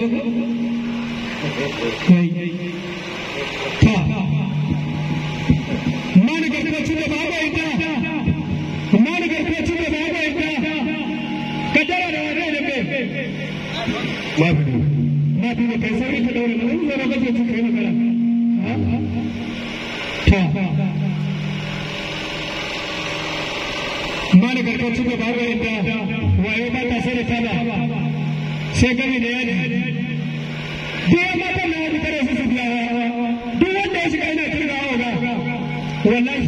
kai ta mana garkacin da ba ka da da shekar da ya ne duk ya mata na wani kare su su duk wanda ya shiga yana kirga awa ga wallahi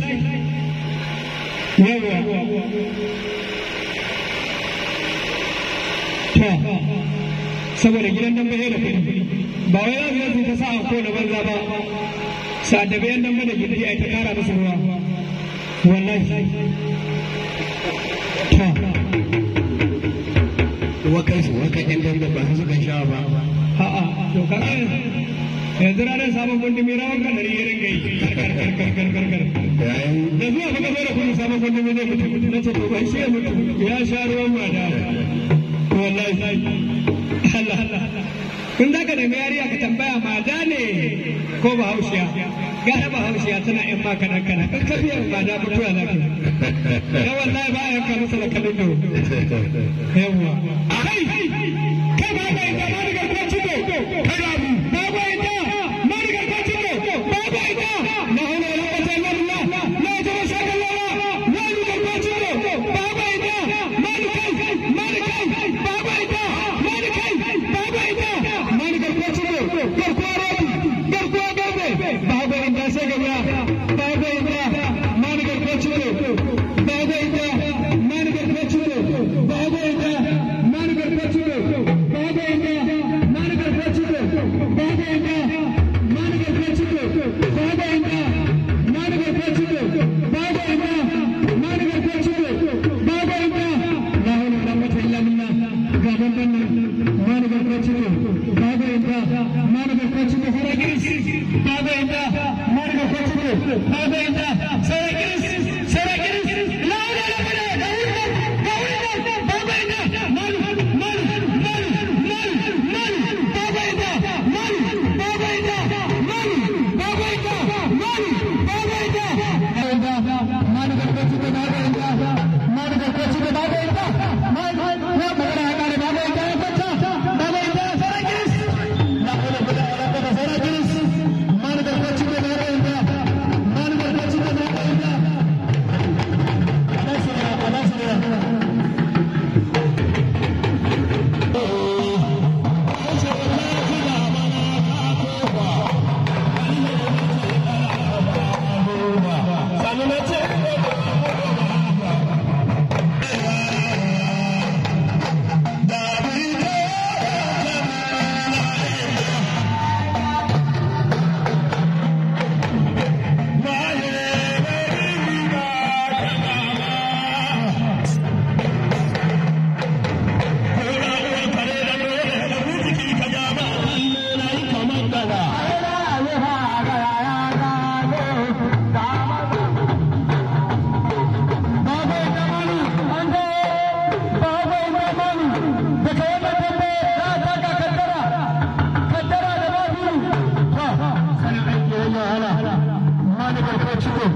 yawwa to gidan dan bai da kuɗi ba wai za su yi ta sa a kowane banza ba sa da bayan dan bai ta kara musu ruwa wallahi wakan su wakan yan ba su kan sha ba a'a to kaga yanzu rawar ka dari irin gai da zuwa ka da zai mutu na ce to mutu ya sha ruwan to wallahi Allah yariya ka tambaya mada ne ko ba haushiya gara ba haushiya tana yan ma kana kana in ka biyan ba da mutuwa na ka ya wallahi ba a yanka masa da kalin da yawa kai kai ba ka yi zama daga kuma ciko kada abu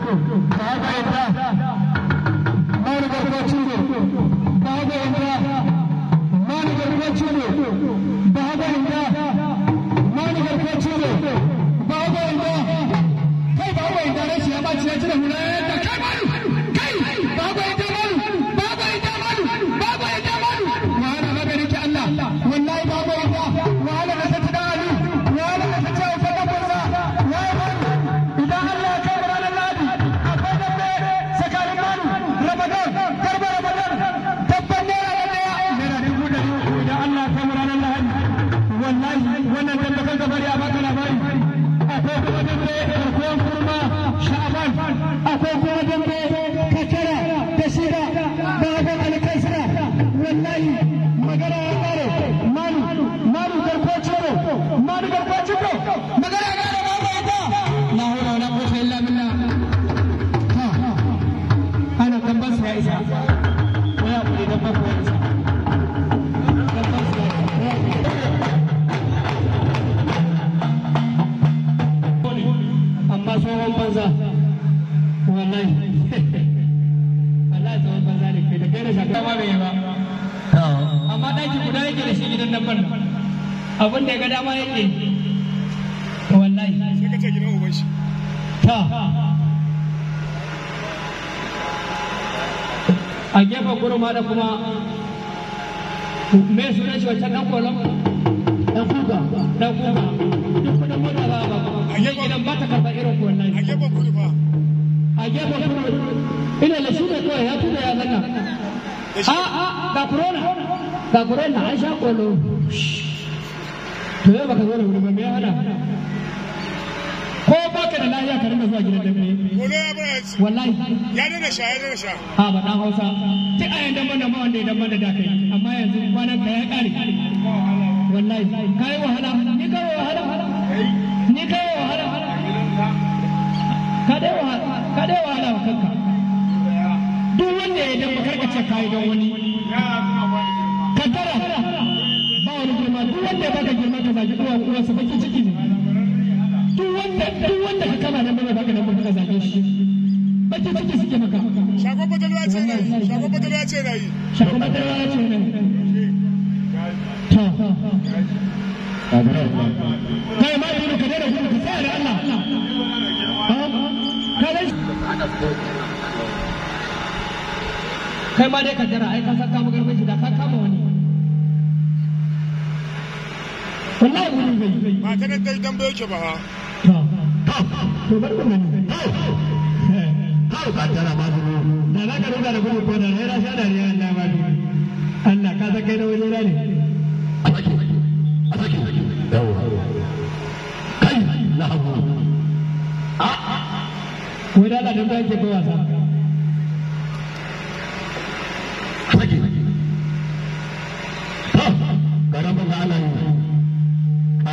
त इंरि abin da ya ga dama yake ta wallahi sai ka ce gina uban shi ta a gefen kurma da kuma me suna shi wacce dan kolon dan kuka dan kuka duk da mota ba ba a gidan ba ta karɓar irin wannan a gefen kurma a gefen kurma ina da shi ne kawai ya tuda ya zanna ha ha ga corona ga corona an sha kolo to yau baka zo da wuri ba me hana ko baka da lafiya ka rinka zuwa gidan dambe wallahi ya dana sha ya dana sha ha ba dan Hausa duk a yanda man da ma wanda ya dan da kai amma yanzu kwanan ka ya kare wallahi kai wahala ni kai wahala ni kai wahala ka dai wahala ka dai wahala wa kanka duk wanda ya dan karkace kai don wani ka tara ba wani girma duk wanda ya baka girma ka zagi uwa uwa sa baki ciki ne duk wanda duk wanda ka kama shi baki ciki suke maka shago ce shago ce shago ce kai ma ka da Allah kai ma dai ka jira ai ka san shi da ka kama wani wallahi wuri zai ba ta nan dai dambe yake ba ha to bar ha ba tara ma duro da da gudu ko da rera sha da riya Allah Allah ka kai da wani rani a a kai lahu a da ba yake ba wasa sake ha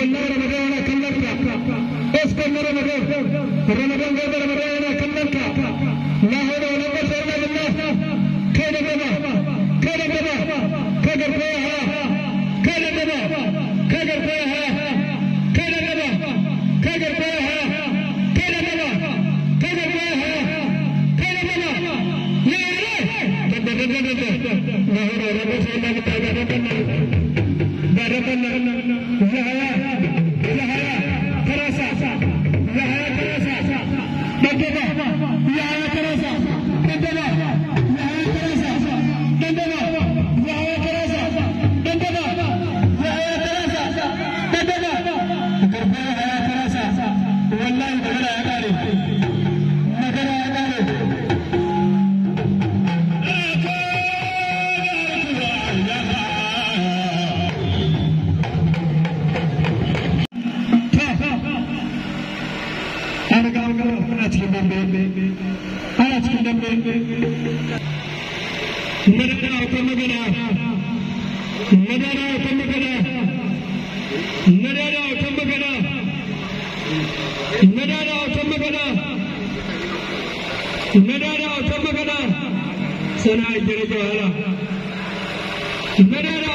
Ramadan, Ramadan, Ramadan, Ramadan, Ramadan, Ramadan, Ramadan, Ramadan, Ramadan, नरेरा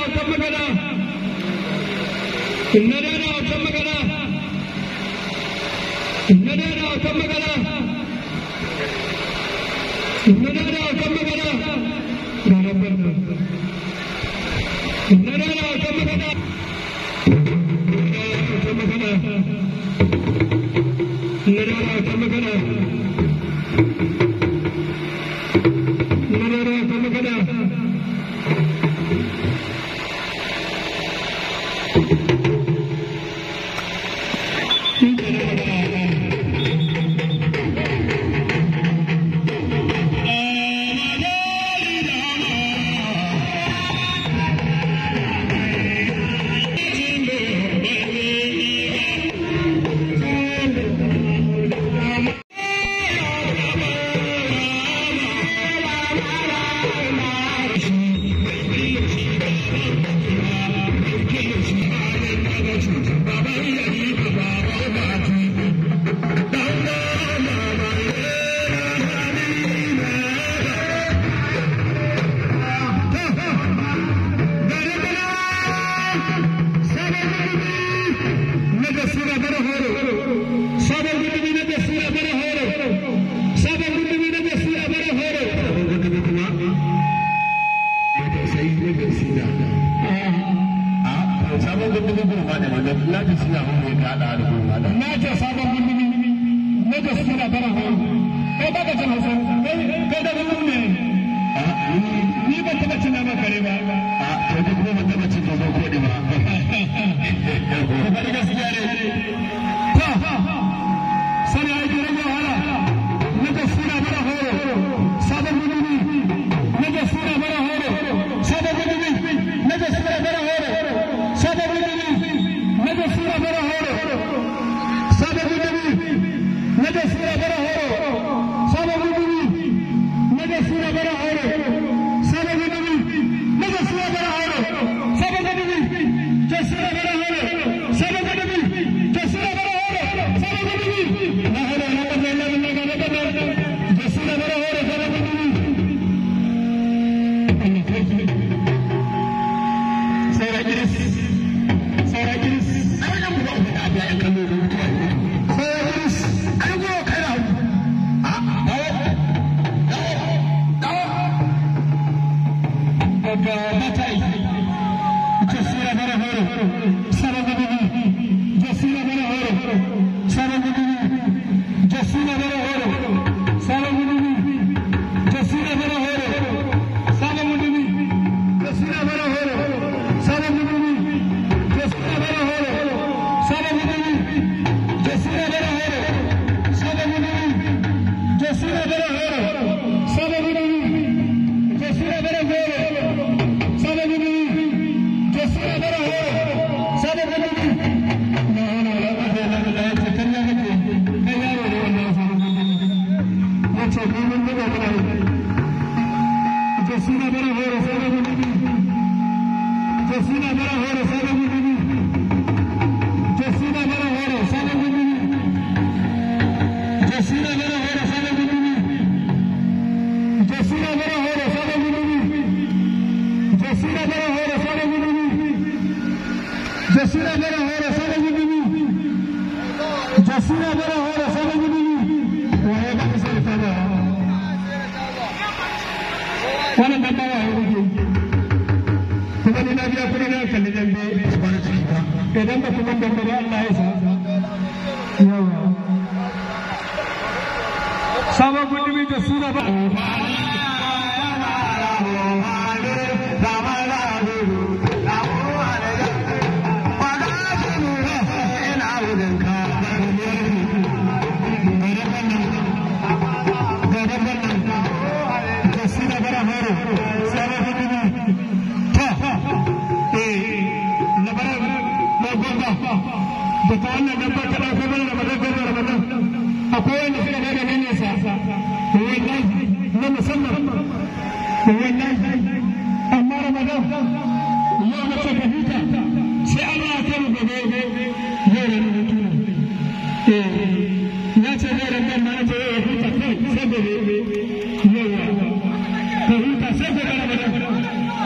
oficinas para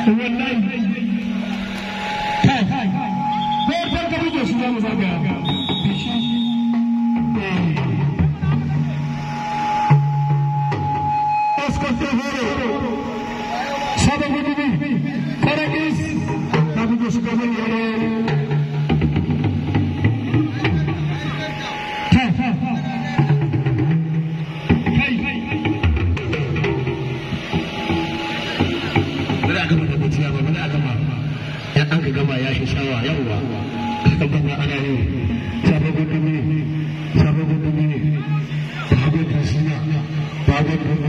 والله Mm-hmm.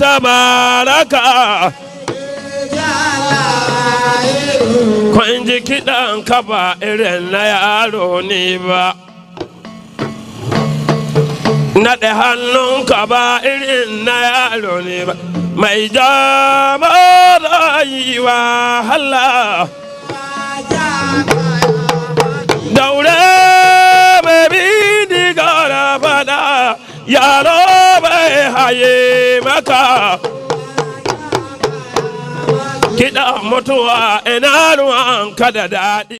tabaraka kwan ji kiɗan ka ba irin na yaro ne ba naɗe hannun ka ba irin na yaro ne ba mai jama rayuwa daure mai bi diga fada yaro haye maka kiɗa mutuwa ina ruwan kada daɗi